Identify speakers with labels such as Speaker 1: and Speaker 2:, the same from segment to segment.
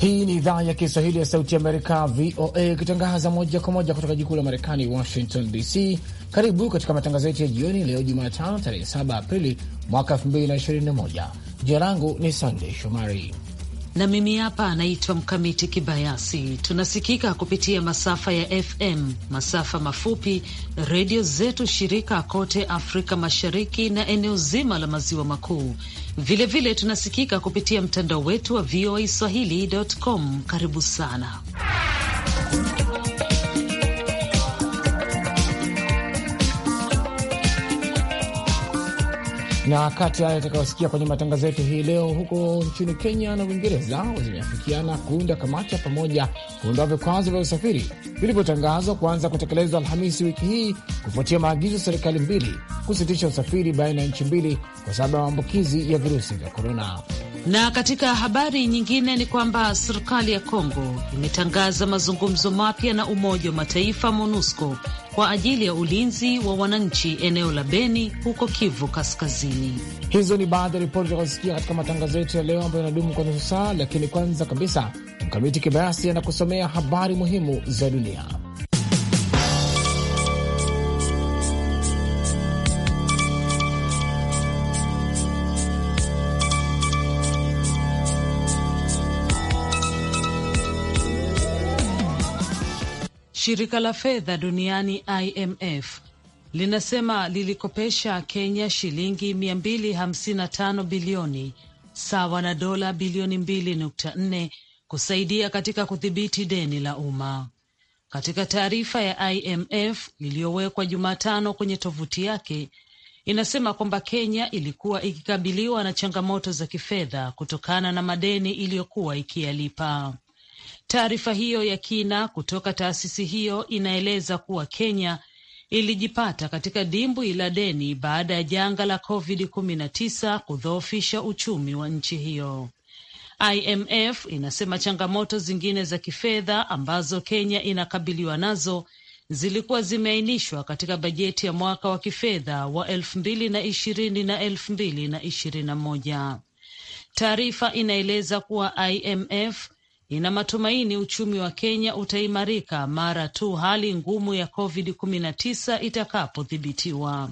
Speaker 1: Hii ni idhaa ya Kiswahili ya Sauti Amerika, VOA, ikitangaza moja kwa moja kutoka jikuu la Marekani, Washington DC. Karibu katika matangazo yetu ya jioni leo Jumatano, tarehe 7 Aprili mwaka 2021. Jina langu ni Sandey Shomari
Speaker 2: na mimi hapa anaitwa Mkamiti Kibayasi. Tunasikika kupitia masafa ya FM, masafa mafupi, redio zetu shirika kote Afrika Mashariki na eneo zima la maziwa makuu. Vilevile tunasikika kupitia mtandao wetu wa VOA swahili.com. Karibu sana
Speaker 1: na kati yayo haya kwenye matangazo yetu hii leo, huko nchini Kenya na Uingereza zimeafikiana kuunda kamati ya pamoja kuondoa vikwazo vya usafiri vilivyotangazwa kuanza kutekelezwa Alhamisi wiki hii kufuatia maagizo ya serikali mbili kusitisha usafiri baina ya nchi mbili kwa sababu ya maambukizi ya virusi vya korona.
Speaker 2: Na katika habari nyingine ni kwamba serikali ya Kongo imetangaza mazungumzo mapya na Umoja wa Mataifa MONUSCO kwa ajili ya ulinzi wa wananchi eneo la Beni huko Kivu Kaskazini.
Speaker 1: Hizo ni baadhi ya ripoti takazosikia katika matangazo yetu ya leo ambayo yanadumu kwa nusu saa, lakini kwanza kabisa Mkamiti Kibayasi anakusomea habari muhimu za dunia.
Speaker 2: Shirika la fedha duniani IMF linasema lilikopesha Kenya shilingi 255 bilioni sawa na dola bilioni 2.4 kusaidia katika kudhibiti deni la umma. Katika taarifa ya IMF iliyowekwa Jumatano kwenye tovuti yake inasema kwamba Kenya ilikuwa ikikabiliwa na changamoto za kifedha kutokana na madeni iliyokuwa ikiyalipa. Taarifa hiyo ya kina kutoka taasisi hiyo inaeleza kuwa Kenya ilijipata katika dimbwi la deni baada ya janga la COVID-19 kudhoofisha uchumi wa nchi hiyo. IMF inasema changamoto zingine za kifedha ambazo Kenya inakabiliwa nazo zilikuwa zimeainishwa katika bajeti ya mwaka wa kifedha wa elfu mbili na ishirini na elfu mbili na ishirini na moja. Taarifa inaeleza kuwa IMF ina matumaini uchumi wa Kenya utaimarika mara tu hali ngumu ya COVID-19 itakapodhibitiwa.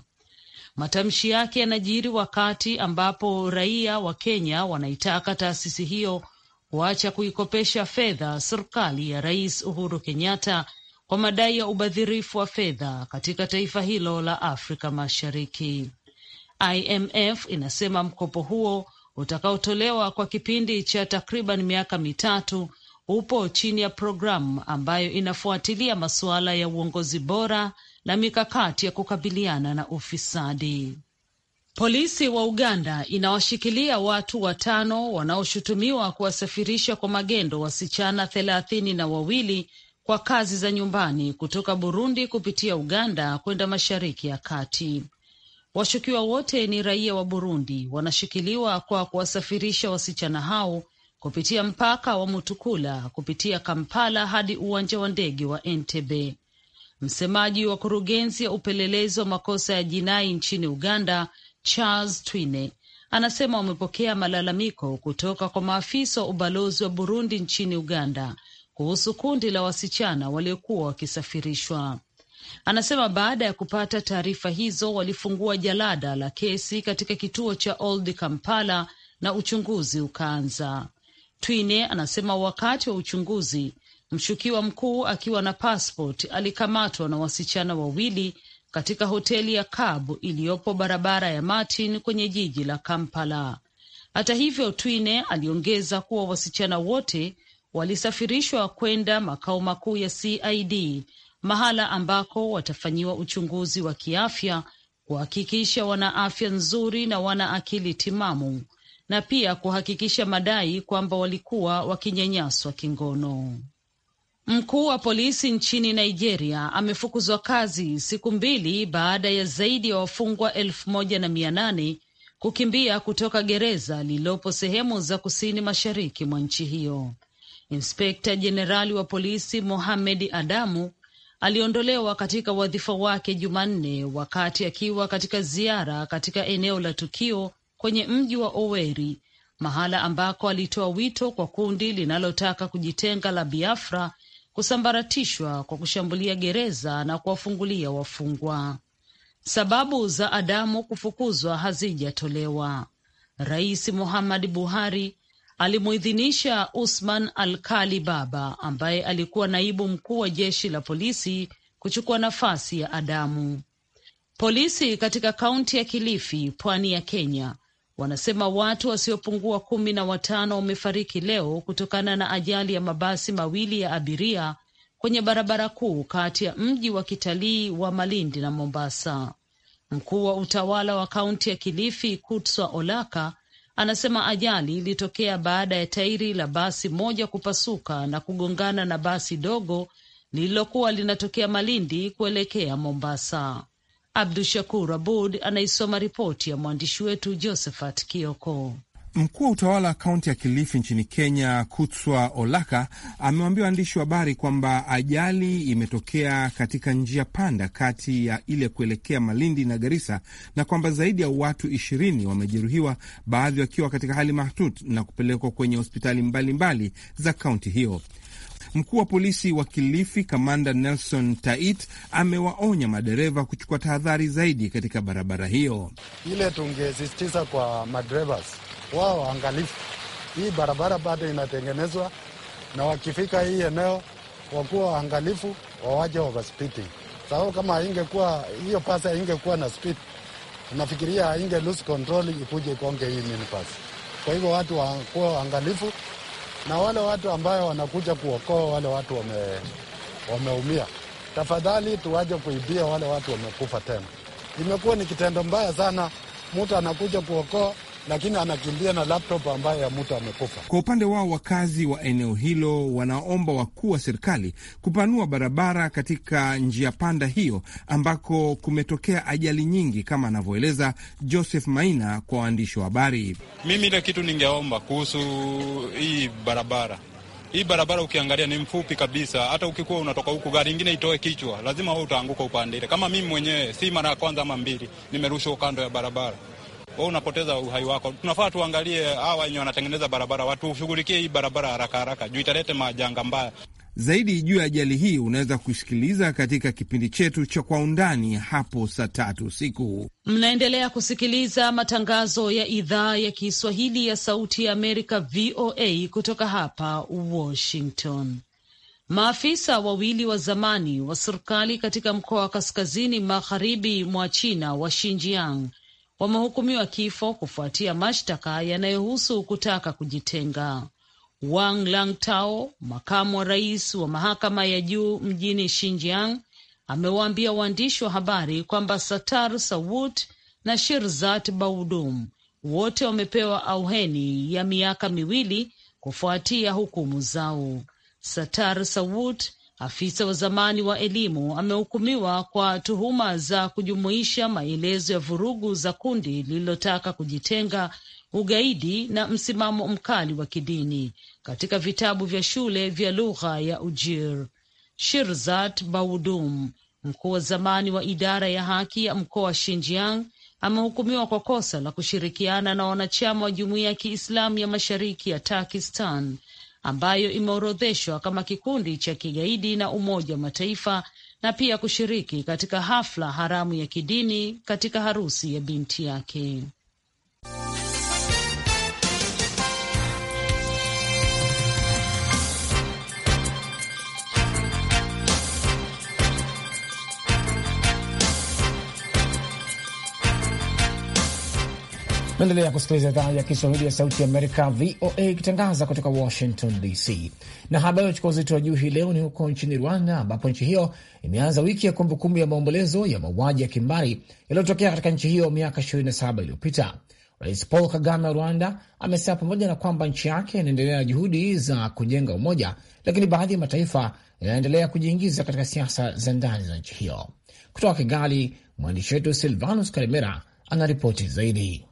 Speaker 2: Matamshi yake yanajiri wakati ambapo raia wa Kenya wanaitaka taasisi hiyo kuacha kuikopesha fedha serikali ya Rais Uhuru Kenyatta kwa madai ya ubadhirifu wa fedha katika taifa hilo la Afrika Mashariki. IMF inasema mkopo huo utakaotolewa kwa kipindi cha takriban miaka mitatu upo chini ya programu ambayo inafuatilia masuala ya uongozi bora na mikakati ya kukabiliana na ufisadi. Polisi wa Uganda inawashikilia watu watano wanaoshutumiwa kuwasafirisha kwa magendo wasichana thelathini na wawili kwa kazi za nyumbani kutoka Burundi kupitia Uganda kwenda Mashariki ya Kati. Washukiwa wote ni raia wa Burundi, wanashikiliwa kwa kuwasafirisha wasichana hao kupitia mpaka wa Mutukula kupitia Kampala hadi uwanja wa ndege wa Entebbe. Msemaji wa kurugenzi ya upelelezi wa makosa ya jinai nchini Uganda, Charles Twine, anasema wamepokea malalamiko kutoka kwa maafisa wa ubalozi wa Burundi nchini Uganda kuhusu kundi la wasichana waliokuwa wakisafirishwa. Anasema baada ya kupata taarifa hizo walifungua jalada la kesi katika kituo cha Old Kampala na uchunguzi ukaanza. Twine anasema wakati wa uchunguzi mshukiwa mkuu akiwa na passport alikamatwa na wasichana wawili katika hoteli ya Cab iliyopo barabara ya Martin kwenye jiji la Kampala. Hata hivyo, Twine aliongeza kuwa wasichana wote walisafirishwa kwenda makao makuu ya CID mahala ambako watafanyiwa uchunguzi wa kiafya kuhakikisha wana afya nzuri na wana akili timamu na pia kuhakikisha madai kwamba walikuwa wakinyanyaswa kingono. Mkuu wa polisi nchini Nigeria amefukuzwa kazi siku mbili baada ya zaidi ya wafungwa elfu moja na mia nane kukimbia kutoka gereza lililopo sehemu za kusini mashariki mwa nchi hiyo. Inspekta Jenerali wa polisi Mohamed Adamu aliondolewa katika wadhifa wake Jumanne wakati akiwa katika ziara katika eneo la tukio kwenye mji wa Oweri, mahala ambako alitoa wito kwa kundi linalotaka kujitenga la Biafra kusambaratishwa kwa kushambulia gereza na kuwafungulia wafungwa. Sababu za Adamu kufukuzwa hazijatolewa. Rais Muhammad Buhari alimuidhinisha Usman Alkali Baba ambaye alikuwa naibu mkuu wa jeshi la polisi kuchukua nafasi ya Adamu. Polisi katika kaunti ya Kilifi, pwani ya Kenya, wanasema watu wasiopungua kumi na watano wamefariki leo kutokana na ajali ya mabasi mawili ya abiria kwenye barabara kuu kati ya mji wa kitalii wa Malindi na Mombasa. Mkuu wa utawala wa kaunti ya Kilifi, Kutswa Olaka, anasema ajali ilitokea baada ya tairi la basi moja kupasuka na kugongana na basi dogo lililokuwa linatokea Malindi kuelekea Mombasa. Abdu Shakur Abud anaisoma ripoti ya mwandishi wetu Josephat Kioko. Mkuu
Speaker 3: wa utawala wa kaunti ya Kilifi nchini Kenya, Kutswa Olaka, amewaambia waandishi wa habari kwamba ajali imetokea katika njia panda kati ya ile kuelekea Malindi na garisa na kwamba zaidi ya watu ishirini wamejeruhiwa, baadhi wakiwa katika hali mahututi na kupelekwa kwenye hospitali mbalimbali mbali za kaunti hiyo. Mkuu wa polisi wa Kilifi, Kamanda Nelson Tait, amewaonya madereva kuchukua tahadhari zaidi katika barabara hiyo.
Speaker 4: Ile tungesisitiza kwa madrevas wao waangalifu. Hii barabara bado inatengenezwa, na wakifika hii eneo wakuwa waangalifu, wawaje overspeeding. Sababu kama ingekuwa hiyo pasi, haingekuwa na speed, nafikiria hainge lose control ikuje ikonge hii mini pasi. Kwa hivyo watu wakuwa waangalifu, na wale watu ambayo wanakuja kuokoa wale watu wame, wameumia, tafadhali tuwaje kuibia wale watu wamekufa tena.
Speaker 5: Imekuwa ni kitendo mbaya sana, mtu anakuja kuokoa lakini anakimbia na laptop ambayo ya mtu amekufa.
Speaker 3: Kwa upande wao, wakazi wa eneo hilo wanaomba wakuu wa serikali kupanua barabara katika njia panda hiyo ambako kumetokea ajali nyingi, kama anavyoeleza Joseph Maina kwa waandishi wa habari.
Speaker 6: Mimi ile kitu ningeomba kuhusu hii barabara hii barabara ukiangalia ni mfupi kabisa. Hata ukikuwa unatoka huku gari ingine itoe kichwa, lazima wewe utaanguka upande ile. Kama mimi mwenyewe, si mara ya kwanza ama mbili, nimerushwa kando ya barabara wewe unapoteza uhai wako. Tunafaa tuangalie hawa wenye wanatengeneza barabara, watushughulikie hii barabara haraka haraka juu italete majanga mbaya zaidi.
Speaker 3: Juu ya ajali hii unaweza kusikiliza katika kipindi chetu cha Kwa Undani hapo saa tatu
Speaker 5: usiku.
Speaker 2: Mnaendelea kusikiliza matangazo ya idhaa ya Kiswahili ya Sauti ya Amerika, VOA, kutoka hapa Washington. Maafisa wawili wa zamani wa serikali katika mkoa wa kaskazini magharibi mwa China wa Xinjiang wamehukumiwa kifo kufuatia mashtaka yanayohusu kutaka kujitenga. Wang Langtao, makamu wa rais wa mahakama ya juu mjini Xinjiang, amewaambia waandishi wa habari kwamba Satar Sawut na Shirzat Baudum wote wamepewa auheni ya miaka miwili kufuatia hukumu zao. Satar Sawut Afisa wa zamani wa elimu amehukumiwa kwa tuhuma za kujumuisha maelezo ya vurugu za kundi lililotaka kujitenga, ugaidi na msimamo mkali wa kidini katika vitabu vya shule vya lugha ya Ujir. Shirzat Baudum, mkuu wa zamani wa idara ya haki ya mkoa wa Shinjiang, amehukumiwa kwa kosa la kushirikiana na wanachama wa jumuiya ya Kiislamu ya mashariki ya takistan ambayo imeorodheshwa kama kikundi cha kigaidi na Umoja wa Mataifa na pia kushiriki katika hafla haramu ya kidini katika harusi ya binti yake.
Speaker 1: Naendelea kusikiliza idhaa ya Kiswahili ya Sauti ya Amerika, VOA, ikitangaza kutoka Washington DC. Na habari uchukua uzito wa juu hii leo ni huko nchini Rwanda, ambapo nchi hiyo imeanza wiki ya kumbukumbu ya maombolezo ya mauaji ya kimbari yaliyotokea katika nchi hiyo miaka 27 iliyopita. Rais Paul Kagame wa Rwanda amesema pamoja na kwamba nchi yake inaendelea na juhudi za kujenga umoja, lakini baadhi ya mataifa yanaendelea kujiingiza katika siasa za ndani za nchi hiyo. Kutoka Kigali, mwandishi wetu Silvanus Karimera anaripoti zaidi.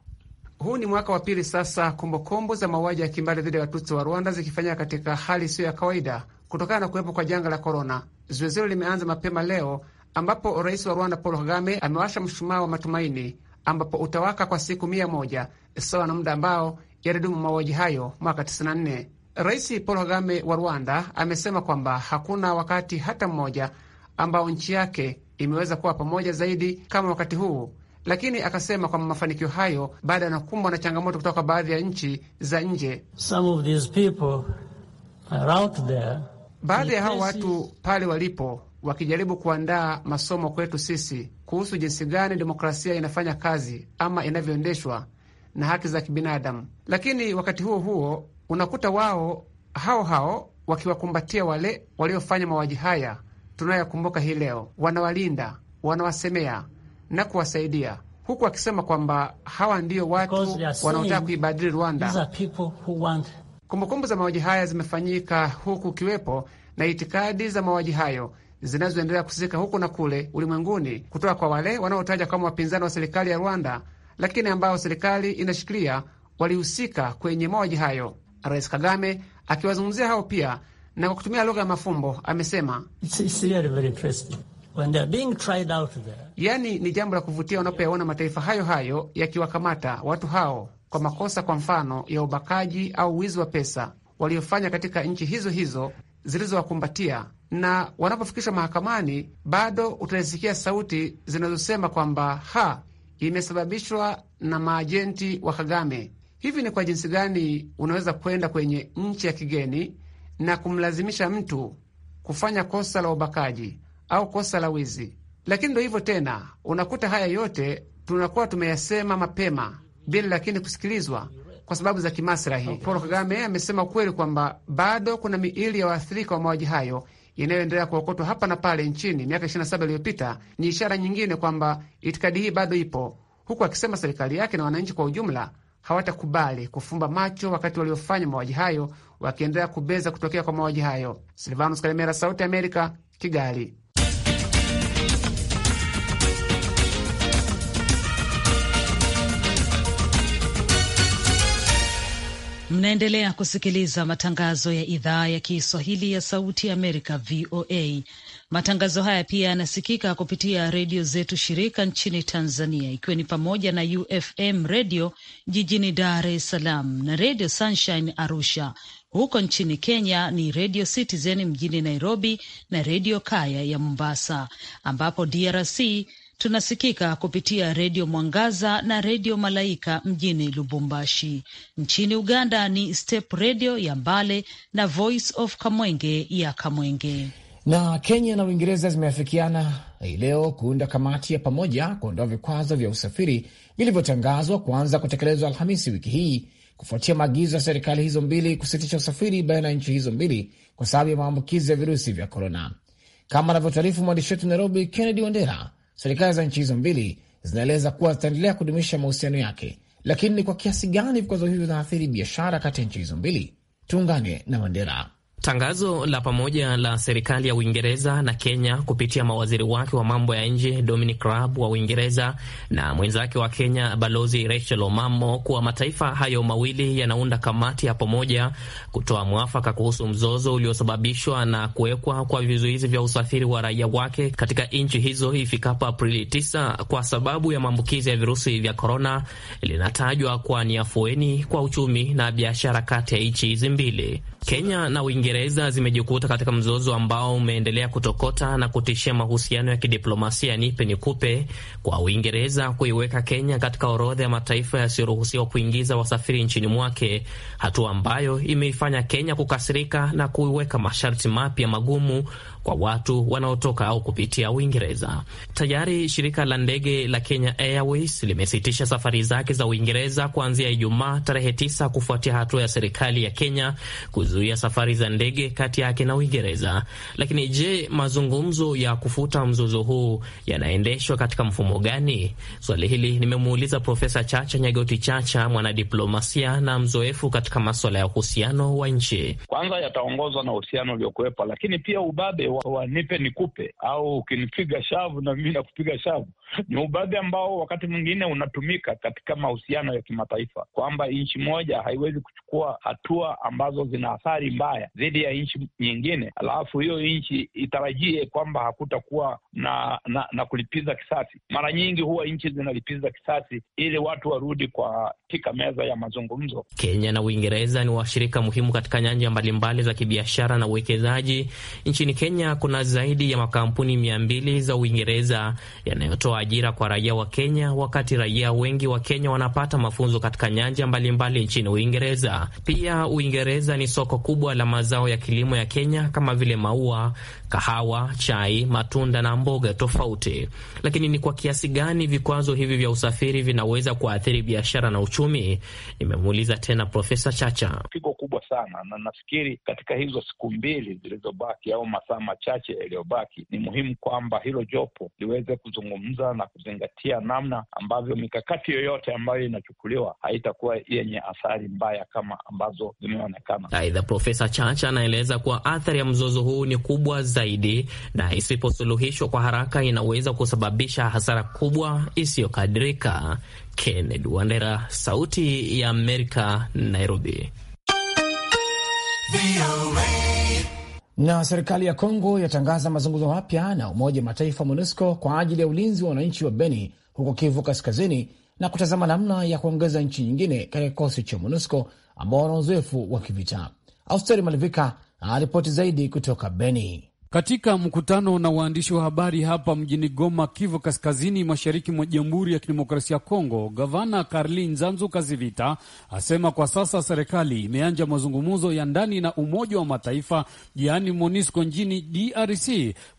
Speaker 7: Huu ni mwaka wa pili sasa kumbukumbu za mauaji ya kimbali dhidi ya Watutsi wa Rwanda zikifanyika katika hali isiyo ya kawaida kutokana na kuwepo kwa janga la korona. Zoezi hilo limeanza mapema leo ambapo rais wa Rwanda Paul Kagame amewasha mshumaa wa matumaini ambapo utawaka kwa siku mia moja sawa na muda ambao yalidumu mauaji hayo mwaka 94. Rais Paul Kagame wa Rwanda amesema kwamba hakuna wakati hata mmoja ambao nchi yake imeweza kuwa pamoja zaidi kama wakati huu lakini akasema kwamba mafanikio hayo baada ya nakumbwa na changamoto kutoka kwa baadhi ya nchi za nje.
Speaker 5: Baadhi ya hao watu
Speaker 7: pale walipo wakijaribu kuandaa masomo kwetu sisi kuhusu jinsi gani demokrasia inafanya kazi ama inavyoendeshwa na haki za kibinadamu, lakini wakati huo huo unakuta wao hao hao wakiwakumbatia wale waliofanya mauaji haya tunayoyakumbuka hii leo, wanawalinda, wanawasemea na kuwasaidia huku akisema kwamba hawa ndio watu wanaotaka kuibadili Rwanda. Kumbukumbu za mauaji haya zimefanyika huku kiwepo na itikadi za mauaji hayo zinazoendelea kusika huku na kule ulimwenguni kutoka kwa wale wanaotaja kama wapinzani wa serikali ya Rwanda, lakini ambao serikali inashikilia walihusika kwenye mauaji hayo. Rais Kagame akiwazungumzia hao pia na kwa kutumia lugha ya mafumbo amesema it's, it's When being tried out there. Yani ni jambo la kuvutia wanapoyaona mataifa hayo hayo yakiwakamata watu hao kwa makosa, kwa mfano ya ubakaji au wizi wa pesa waliofanya katika nchi hizo hizo zilizowakumbatia, na wanapofikishwa mahakamani bado utazisikia sauti zinazosema kwamba ha, imesababishwa na maajenti wa Kagame. Hivi ni kwa jinsi gani unaweza kwenda kwenye nchi ya kigeni na kumlazimisha mtu kufanya kosa la ubakaji au kosa la wizi. Lakini ndo hivyo tena, unakuta haya yote tunakuwa tumeyasema mapema bila lakini kusikilizwa kwa sababu za kimaslahi. Paul Kagame amesema ukweli kwamba bado kuna miili ya waathirika wa mauaji hayo inayoendelea kuokotwa hapa na pale nchini miaka 27 iliyopita ni ishara nyingine kwamba itikadi hii bado ipo, huku akisema serikali yake na wananchi kwa ujumla hawatakubali kufumba macho wakati waliofanya mauaji hayo wakiendelea kubeza kutokea kwa mauaji hayo. Silvanus Kalemera, Sauti ya Amerika, Kigali.
Speaker 2: Mnaendelea kusikiliza matangazo ya idhaa ya Kiswahili ya Sauti ya Amerika, VOA. Matangazo haya pia yanasikika kupitia redio zetu shirika nchini Tanzania, ikiwa ni pamoja na UFM redio jijini Dar es Salaam na redio Sunshine Arusha. Huko nchini Kenya ni redio Citizen mjini Nairobi na redio Kaya ya Mombasa, ambapo DRC Tunasikika kupitia Redio Mwangaza na Redio Malaika mjini Lubumbashi. Nchini Uganda ni Step Redio ya Mbale na Voice of Kamwenge ya Kamwenge.
Speaker 1: Na Kenya na Uingereza zimeafikiana hii leo kuunda kamati ya pamoja kuondoa vikwazo vya usafiri vilivyotangazwa kuanza kutekelezwa Alhamisi wiki hii kufuatia maagizo ya serikali hizo mbili kusitisha usafiri baina ya nchi hizo mbili kwa sababu ya maambukizi ya virusi vya korona, kama anavyotaarifu mwandishi wetu Nairobi, Kennedy Wandera serikali za nchi hizo mbili zinaeleza kuwa zitaendelea kudumisha mahusiano yake, lakini ni kwa kiasi gani vikwazo hivyo vinaathiri biashara kati ya nchi hizo mbili? Tuungane na mandera
Speaker 8: Tangazo la pamoja la serikali ya Uingereza na Kenya kupitia mawaziri wake wa mambo ya nje Dominic Raab wa Uingereza na mwenzake wa Kenya Balozi Rachel Omamo kuwa mataifa hayo mawili yanaunda kamati ya pamoja kutoa mwafaka kuhusu mzozo uliosababishwa na kuwekwa kwa vizuizi vya usafiri wa raia wake katika nchi hizo ifikapo Aprili 9 kwa sababu ya maambukizi ya virusi vya korona, linatajwa kwa ni afueni kwa uchumi na biashara kati ya nchi hizi mbili, Kenya na Uingereza. Uingereza zimejikuta katika mzozo ambao umeendelea kutokota na kutishia mahusiano ya kidiplomasia nipe nikupe, kwa Uingereza kuiweka Kenya katika orodha ya mataifa yasiyoruhusiwa kuingiza wasafiri nchini mwake, hatua ambayo imeifanya Kenya kukasirika na kuiweka masharti mapya magumu kwa watu wanaotoka au kupitia Uingereza. Tayari shirika la ndege la Kenya Airways limesitisha safari zake za Uingereza kuanzia Ijumaa tarehe 9 kufuatia hatua ya serikali ya Kenya kuzuia safari za ndege kati yake na Uingereza. Lakini je, mazungumzo ya kufuta mzozo huu yanaendeshwa katika mfumo gani? Swali hili nimemuuliza Profesa Chacha Nyagoti Chacha, mwanadiplomasia na mzoefu katika maswala ya uhusiano wa nchi.
Speaker 6: Kwanza yataongozwa na uhusiano uliokuwepo, lakini pia ubabe wanipe wa nikupe, au ukinipiga shavu na mimi nakupiga shavu, ni ubabe ambao wakati mwingine unatumika katika mahusiano ya kimataifa, kwamba nchi moja haiwezi kuchukua hatua ambazo zina athari mbaya dhidi ya nchi nyingine, alafu hiyo nchi itarajie kwamba hakutakuwa
Speaker 8: na, na
Speaker 6: na kulipiza kisasi. Mara nyingi huwa nchi zinalipiza kisasi ili watu warudi katika meza ya mazungumzo.
Speaker 8: Kenya na Uingereza ni washirika muhimu katika nyanja mbalimbali za kibiashara na uwekezaji. Nchini Kenya kuna zaidi ya makampuni mia mbili za Uingereza yanayotoa ajira kwa raia wa Kenya, wakati raia wengi wa Kenya wanapata mafunzo katika nyanja mbalimbali mbali nchini Uingereza. Pia Uingereza ni soko kubwa la mazao ya kilimo ya Kenya kama vile maua, kahawa, chai, matunda na mboga tofauti. Lakini ni kwa kiasi gani vikwazo hivi vya usafiri vinaweza kuathiri biashara na uchumi? Nimemuuliza tena Profesa Chacha.
Speaker 6: Pigo kubwa sana, na nafikiri katika hizo siku mbili zilizobaki au masaa machache yaliyobaki, ni muhimu kwamba hilo jopo liweze kuzungumza busara na kuzingatia namna ambavyo mikakati yoyote ambayo inachukuliwa haitakuwa yenye athari mbaya kama ambazo zimeonekana.
Speaker 8: Aidha, Profesa Chacha anaeleza kuwa athari ya mzozo huu ni kubwa zaidi na isiposuluhishwa kwa haraka inaweza kusababisha hasara kubwa isiyokadirika. Kennedy Wandera, Sauti ya Amerika, Nairobi.
Speaker 1: Na serikali ya Kongo yatangaza mazungumzo mapya na Umoja wa Mataifa MONUSCO kwa ajili ya ulinzi wa wananchi wa Beni huko Kivu Kaskazini na kutazama namna ya kuongeza nchi nyingine katika kikosi cha MONUSCO ambao wana uzoefu wa kivita. Austeri Malivika aripoti zaidi kutoka Beni. Katika
Speaker 5: mkutano na waandishi wa habari hapa mjini Goma, Kivu Kaskazini, mashariki mwa Jamhuri ya Kidemokrasia ya Kongo, gavana Karli Nzanzu Kazivita asema kwa sasa serikali imeanja mazungumzo ya ndani na Umoja wa Mataifa, yaani MONUSCO nchini DRC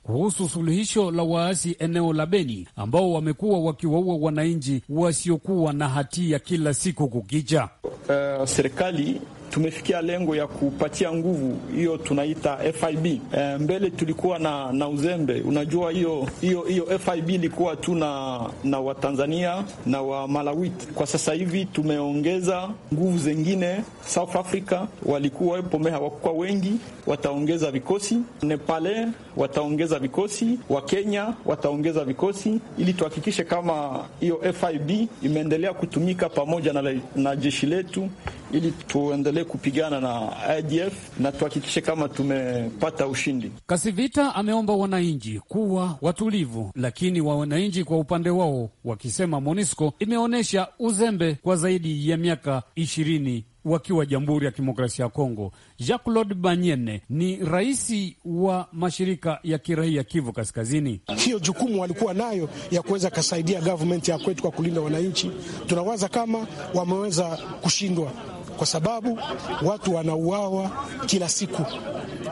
Speaker 5: kuhusu suluhisho la waasi eneo la Beni ambao wamekuwa wakiwaua wananchi wasiokuwa na hatia kila siku kukicha.
Speaker 6: Uh, serikali tumefikia lengo ya kupatia nguvu hiyo tunaita FIB. E, eh, mbele tulikuwa na, na uzembe. Unajua hiyo hiyo hiyo FIB ilikuwa tu na, na Watanzania na wa Malawiti. Kwa sasa hivi tumeongeza nguvu zengine. South Africa walikuwa wepome, hawakuwa wengi, wataongeza vikosi. Nepale wataongeza vikosi, Wakenya wataongeza vikosi ili tuhakikishe kama hiyo FIB imeendelea kutumika pamoja na, na jeshi letu ili tuendelee kupigana na IDF na tuhakikishe kama tumepata ushindi.
Speaker 5: Kasivita ameomba wananchi kuwa watulivu, lakini wa wananchi kwa upande wao wakisema MONUSCO imeonyesha uzembe kwa zaidi ya miaka ishirini wakiwa Jamhuri ya Kidemokrasia ya Kongo. Jacques Claude Banyene ni rais wa mashirika ya kiraia Kivu Kaskazini. Hiyo jukumu walikuwa nayo ya kuweza kasaidia government ya kwetu
Speaker 3: kwa kulinda wananchi, tunawaza kama wameweza kushindwa kwa sababu watu wanauawa kila siku.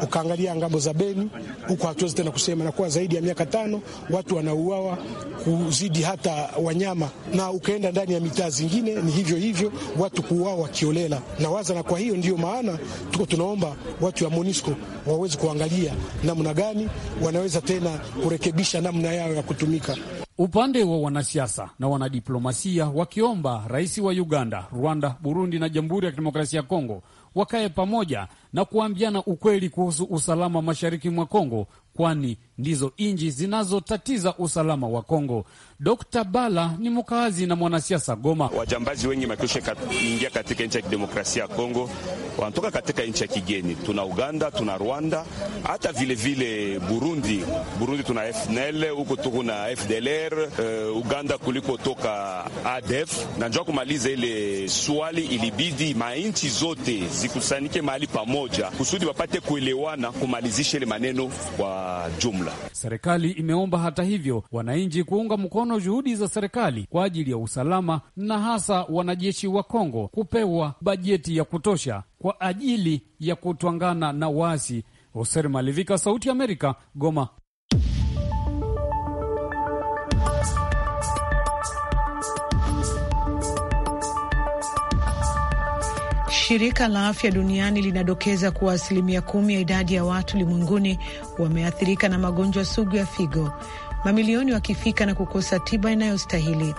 Speaker 3: Ukaangalia ngambo za Beni huko, hatuwezi tena kusema na kuwa zaidi ya miaka tano watu wanauawa kuzidi hata wanyama, na ukaenda ndani ya mitaa zingine ni hivyo hivyo, watu kuuawa kiolela na waza. Na kwa hiyo ndiyo maana tuko tunaomba watu wa MONUSCO waweze kuangalia namna gani
Speaker 5: wanaweza tena kurekebisha namna yao ya kutumika. Upande wa wanasiasa na wanadiplomasia wakiomba rais wa Uganda, Rwanda, Burundi na Jamhuri ya Kidemokrasia ya Kongo wakae pamoja na kuambiana ukweli kuhusu usalama mashariki mwa Kongo, kwani ndizo nchi zinazotatiza usalama wa Kongo. Dr Bala ni mkaazi na mwanasiasa Goma.
Speaker 6: Wajambazi wengi wamekwisha ingia katika nchi ya kidemokrasia ya Kongo, wanatoka katika nchi ya kigeni. Tuna Uganda, tuna Rwanda, hata vilevile Burundi. Burundi tuna FNL, huko tuku na FDLR. Uh, eh, Uganda kuliko toka ADF. Na njoo kumaliza ile swali, ilibidi manchi zote zikusanike mahali pamoja moja kusudi wapate kuelewana kumalizisha ile maneno kwa
Speaker 5: jumla. Serikali imeomba hata hivyo wananchi kuunga mkono juhudi za serikali kwa ajili ya usalama na hasa wanajeshi wa Kongo kupewa bajeti ya kutosha kwa ajili ya kutwangana na waasi. Hoser Malivika, Sauti ya Amerika, Goma.
Speaker 9: Shirika la Afya Duniani linadokeza kuwa asilimia kumi ya idadi ya watu ulimwenguni wameathirika na magonjwa sugu ya figo, mamilioni wakifika na kukosa tiba inayostahili.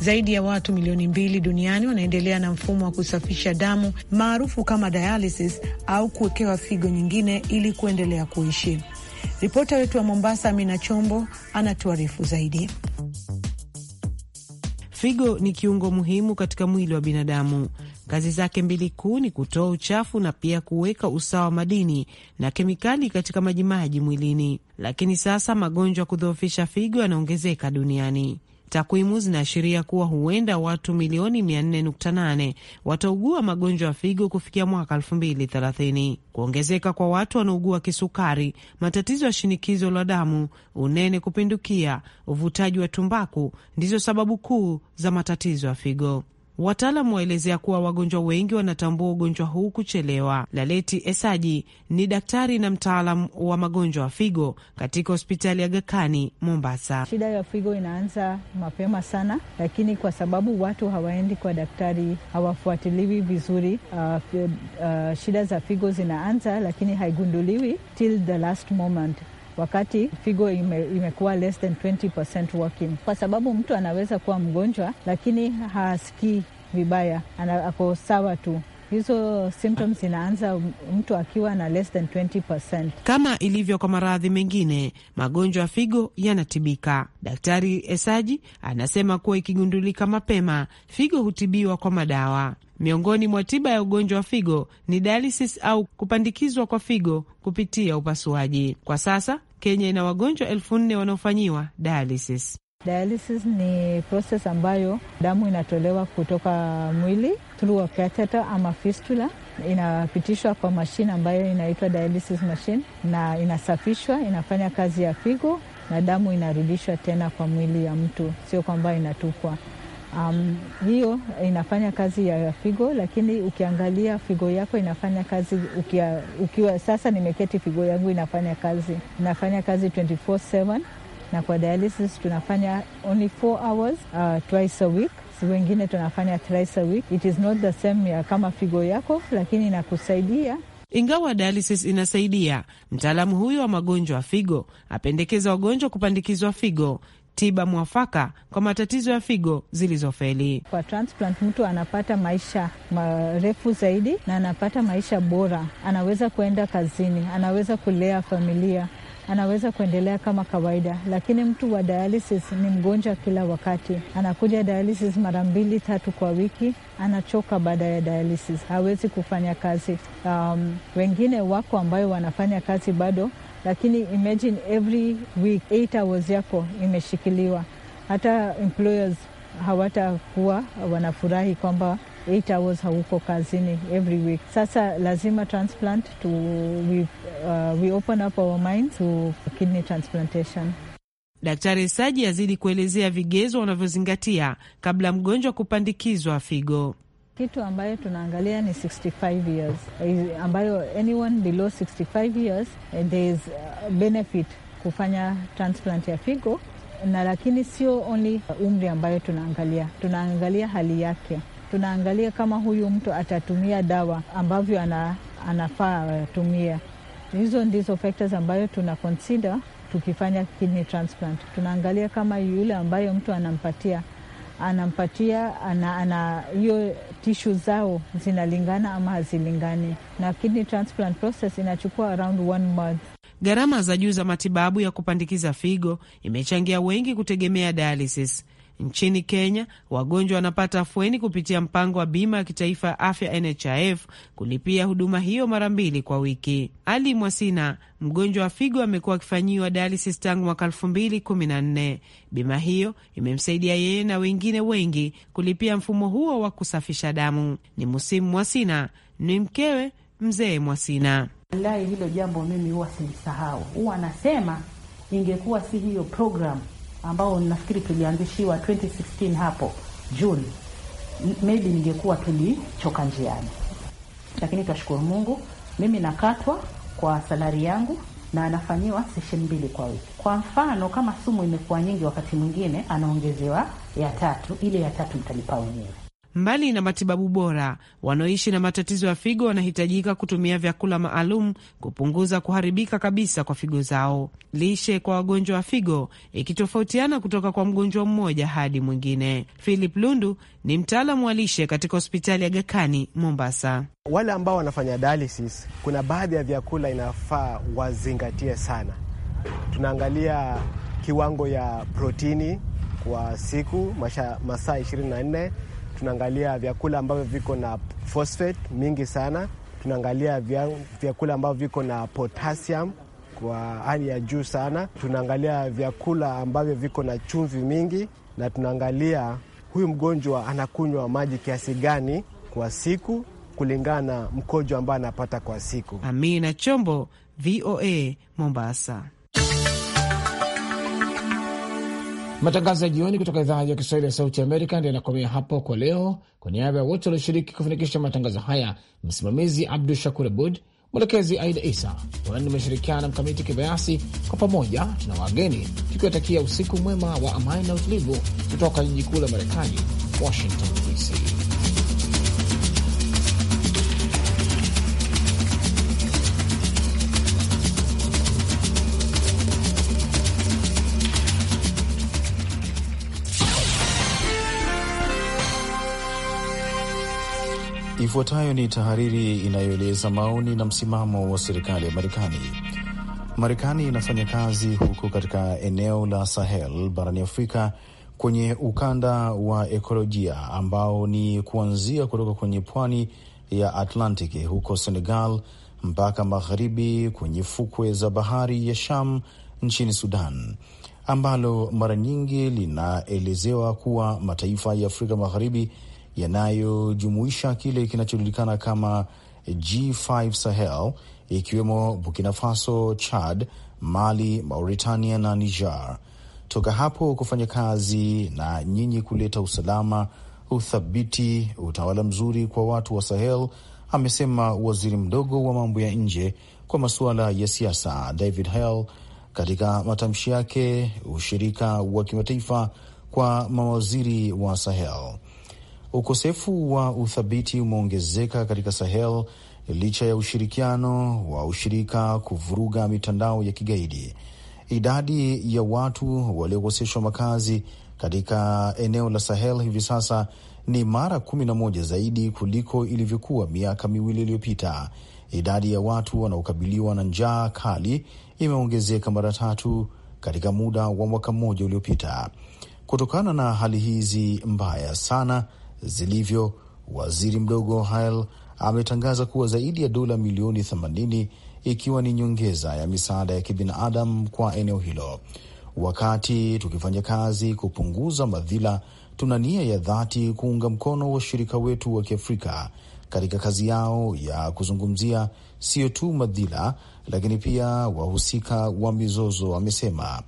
Speaker 9: Zaidi ya watu milioni mbili duniani wanaendelea na mfumo wa kusafisha damu maarufu kama dialysis au kuwekewa figo nyingine ili kuendelea kuishi. Ripota wetu wa Mombasa, Amina Chombo, anatuarifu zaidi. Figo ni kiungo muhimu katika mwili wa binadamu. Kazi zake mbili kuu ni kutoa uchafu na pia kuweka usawa madini na kemikali katika majimaji mwilini. Lakini sasa magonjwa ya kudhoofisha figo yanaongezeka duniani. Takwimu zinaashiria kuwa huenda watu milioni 48 wataugua magonjwa ya figo kufikia mwaka 2030. Kuongezeka kwa watu wanaougua kisukari, matatizo ya shinikizo la damu, unene kupindukia, uvutaji wa tumbaku ndizo sababu kuu za matatizo ya figo. Wataalam waelezea kuwa wagonjwa wengi wanatambua ugonjwa huu kuchelewa. Laleti Esaji ni daktari na mtaalam wa magonjwa ya figo katika hospitali ya Gakani, Mombasa.
Speaker 10: Shida ya figo inaanza mapema sana, lakini kwa sababu watu hawaendi kwa daktari, hawafuatiliwi vizuri, uh, uh, shida za figo zinaanza, lakini haigunduliwi till the last moment wakati figo ime, imekuwa less than 20% working, kwa sababu mtu anaweza kuwa mgonjwa lakini hasikii vibaya, ako sawa tu. Hizo symptoms inaanza mtu akiwa na less than 20%.
Speaker 9: Kama ilivyo kwa maradhi mengine, magonjwa ya figo yanatibika. Daktari Esaji anasema kuwa ikigundulika mapema, figo hutibiwa kwa madawa. Miongoni mwa tiba ya ugonjwa wa figo ni dialysis au kupandikizwa kwa figo kupitia upasuaji. Kwa sasa Kenya ina wagonjwa elfu nne wanaofanyiwa dialysis.
Speaker 10: Dialysis ni proses ambayo damu inatolewa kutoka mwili through a catheter ama fistula, inapitishwa kwa mashine ambayo inaitwa dialysis machine, na inasafishwa, inafanya kazi ya figo na damu inarudishwa tena kwa mwili ya mtu, sio kwamba inatupwa. Um, hiyo inafanya kazi ya figo, lakini ukiangalia figo yako inafanya kazi ukia, ukiwa sasa nimeketi, figo yangu inafanya kazi inafanya kazi 24/7 na kwa dialysis tunafanya only 4 hours uh, twice a week wengine tunafanya thrice a week. It is not the same ya kama figo yako, lakini inakusaidia.
Speaker 9: Ingawa dialysis inasaidia, mtaalamu huyo wa magonjwa ya figo apendekeza wagonjwa kupandikizwa figo tiba mwafaka kwa matatizo ya figo zilizofeli.
Speaker 10: Kwa transplant mtu anapata maisha marefu zaidi na anapata maisha bora, anaweza kuenda kazini, anaweza kulea familia anaweza kuendelea kama kawaida, lakini mtu wa dialysis ni mgonjwa kila wakati. Anakuja dialysis mara mbili tatu kwa wiki, anachoka baada ya dialysis, hawezi kufanya kazi. Um, wengine wako ambayo wanafanya kazi bado lakini imagine every week eight hours yako imeshikiliwa, hata employers hawatakuwa wanafurahi kwamba eight hours hauko kazini every week. Sasa lazima transplant to we, uh, we open up our mind to kidney transplantation.
Speaker 9: Daktari Saji azidi kuelezea vigezo wanavyozingatia kabla mgonjwa kupandikizwa figo
Speaker 10: kitu ambayo tunaangalia ni 65 years eh, ambayo anyone below 65 years eh, there is uh, benefit kufanya transplant ya figo, na lakini sio only umri ambayo tunaangalia, tunaangalia hali yake, tunaangalia kama huyu mtu atatumia dawa ambavyo ana, anafaa atumia Hizo ndizo factors ambayo tuna consider tukifanya kidney transplant. Tunaangalia kama yule ambayo mtu anampatia anampatia ana, ana hiyo tishu zao zinalingana ama hazilingani, na kidney transplant process inachukua around one month.
Speaker 9: Gharama za juu za matibabu ya kupandikiza figo imechangia wengi kutegemea dialysis. Nchini Kenya, wagonjwa wanapata afueni kupitia mpango wa bima ya kitaifa ya afya NHIF kulipia huduma hiyo mara mbili kwa wiki. Ali Mwasina, mgonjwa wa figo, amekuwa akifanyiwa dialysis tangu mwaka elfu mbili kumi na nne. Bima hiyo imemsaidia yeye na wengine wengi kulipia mfumo huo wa kusafisha damu. Ni Musimu Mwasina, ni mkewe Mzee Mwasina.
Speaker 2: Wallahi, hilo jambo mimi huwa silisahau, huwa anasema ingekuwa si hiyo programu ambao nafikiri tulianzishiwa 2016 hapo Juni, maybe ningekuwa tulichoka njiani, lakini twashukuru Mungu, mimi nakatwa kwa salari yangu na anafanyiwa sesheni mbili kwa wiki. Kwa mfano kama sumu imekuwa nyingi, wakati mwingine anaongezewa ya tatu, ile ya tatu mtalipa wenyewe.
Speaker 9: Mbali na matibabu bora, wanaoishi na matatizo ya figo wanahitajika kutumia vyakula maalum kupunguza kuharibika kabisa kwa figo zao. Lishe kwa wagonjwa wa figo ikitofautiana kutoka kwa mgonjwa mmoja hadi mwingine. Philip Lundu ni mtaalamu wa lishe katika hospitali ya Gakani, Mombasa. Wale ambao
Speaker 4: wanafanya dialysis, kuna baadhi ya vyakula inafaa wazingatie sana. Tunaangalia kiwango ya protini kwa siku, masaa 24 tunaangalia vyakula ambavyo viko na phosphate mingi sana, tunaangalia vyakula ambavyo viko na potassium kwa hali ya juu sana, tunaangalia vyakula ambavyo viko na chumvi mingi, na tunaangalia huyu mgonjwa anakunywa maji kiasi gani kwa siku kulingana na mkojo
Speaker 9: ambayo anapata kwa siku. Amina Chombo, VOA Mombasa. Matangazo ya jioni kutoka idhaa ya Kiswahili ya Sauti Amerika
Speaker 1: ndio yanakomea hapo kwa leo. Kwa niaba ya wote walioshiriki kufanikisha matangazo haya, msimamizi Abdu Shakur Abud, mwelekezi Aida Isa, Wani, nimeshirikiana na Mkamiti Kibayasi. Kwa pamoja tuna wageni tukiwatakia usiku mwema wa amani na utulivu kutoka jiji kuu la Marekani, Washington.
Speaker 4: Ifuatayo ni tahariri inayoeleza maoni na msimamo wa serikali ya Marekani. Marekani inafanya kazi huko katika eneo la Sahel barani Afrika kwenye ukanda wa ekolojia ambao ni kuanzia kutoka kwenye pwani ya Atlantic huko Senegal mpaka magharibi kwenye fukwe za bahari ya Sham nchini Sudan, ambalo mara nyingi linaelezewa kuwa mataifa ya Afrika Magharibi yanayojumuisha kile kinachojulikana kama G5 Sahel ikiwemo Burkina Faso, Chad, Mali, Mauritania na Niger. Toka hapo kufanya kazi na nyinyi kuleta usalama, uthabiti, utawala mzuri kwa watu wa Sahel, amesema waziri mdogo wa mambo ya nje kwa masuala ya siasa David Hale katika matamshi yake ushirika wa kimataifa kwa mawaziri wa Sahel. Ukosefu wa uthabiti umeongezeka katika Sahel licha ya ushirikiano wa ushirika kuvuruga mitandao ya kigaidi. Idadi ya watu waliokoseshwa makazi katika eneo la Sahel hivi sasa ni mara kumi na moja zaidi kuliko ilivyokuwa miaka miwili iliyopita. Idadi ya watu wanaokabiliwa na njaa kali imeongezeka mara tatu katika muda wa mwaka mmoja uliopita. Kutokana na hali hizi mbaya sana zilivyo. Waziri mdogo Hail ametangaza kuwa zaidi ya dola milioni 80 ikiwa ni nyongeza ya misaada ya kibinadamu kwa eneo hilo. Wakati tukifanya kazi kupunguza madhila, tuna nia ya dhati kuunga mkono washirika wetu wa Kiafrika katika kazi yao ya kuzungumzia sio tu madhila, lakini pia wahusika wa mizozo, amesema.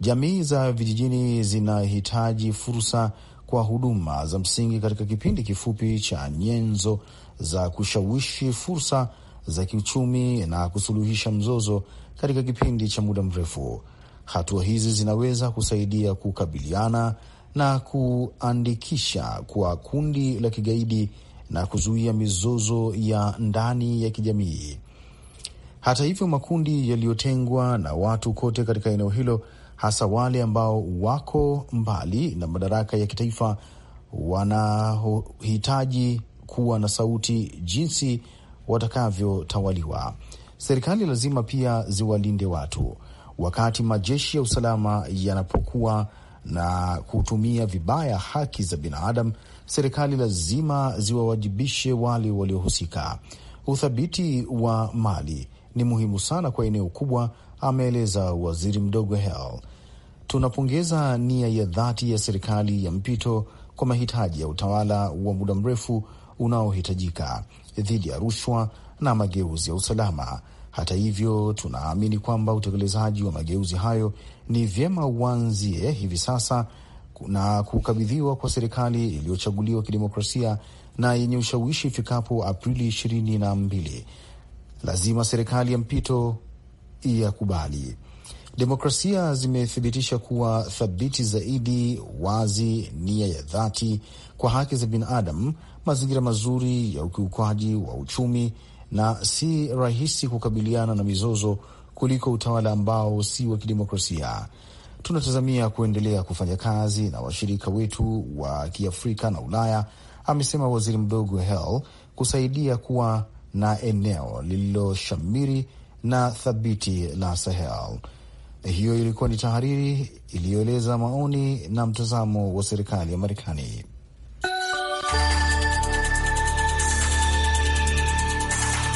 Speaker 4: Jamii za vijijini zinahitaji fursa kwa huduma za msingi katika kipindi kifupi cha nyenzo za kushawishi fursa za kiuchumi na kusuluhisha mzozo katika kipindi cha muda mrefu. Hatua hizi zinaweza kusaidia kukabiliana na kuandikisha kwa kundi la kigaidi na kuzuia mizozo ya ndani ya kijamii. Hata hivyo, makundi yaliyotengwa na watu kote katika eneo hilo hasa wale ambao wako mbali na madaraka ya kitaifa wanahitaji kuwa na sauti jinsi watakavyotawaliwa. Serikali lazima pia ziwalinde watu wakati majeshi ya usalama yanapokuwa na kutumia vibaya haki za binadamu. Serikali lazima ziwawajibishe wale waliohusika. Uthabiti wa mali ni muhimu sana kwa eneo kubwa ameeleza waziri mdogo Hel. Tunapongeza nia ya dhati ya serikali ya mpito kwa mahitaji ya utawala wa muda mrefu unaohitajika dhidi ya rushwa na mageuzi ya usalama. Hata hivyo, tunaamini kwamba utekelezaji wa mageuzi hayo ni vyema uanzie hivi sasa na kukabidhiwa kwa serikali iliyochaguliwa kidemokrasia na yenye ushawishi ifikapo Aprili ishirini na mbili. Lazima serikali ya mpito ya kubali. Demokrasia zimethibitisha kuwa thabiti zaidi, wazi, nia ya dhati kwa haki za binadamu, mazingira mazuri ya ukiukwaji wa uchumi, na si rahisi kukabiliana na mizozo kuliko utawala ambao si wa kidemokrasia. Tunatazamia kuendelea kufanya kazi na washirika wetu wa Kiafrika na Ulaya, amesema waziri mdogo Hel, kusaidia kuwa na eneo lililoshamiri na thabiti la Sahel. Hiyo ilikuwa ni tahariri iliyoeleza maoni na mtazamo wa serikali ya Marekani.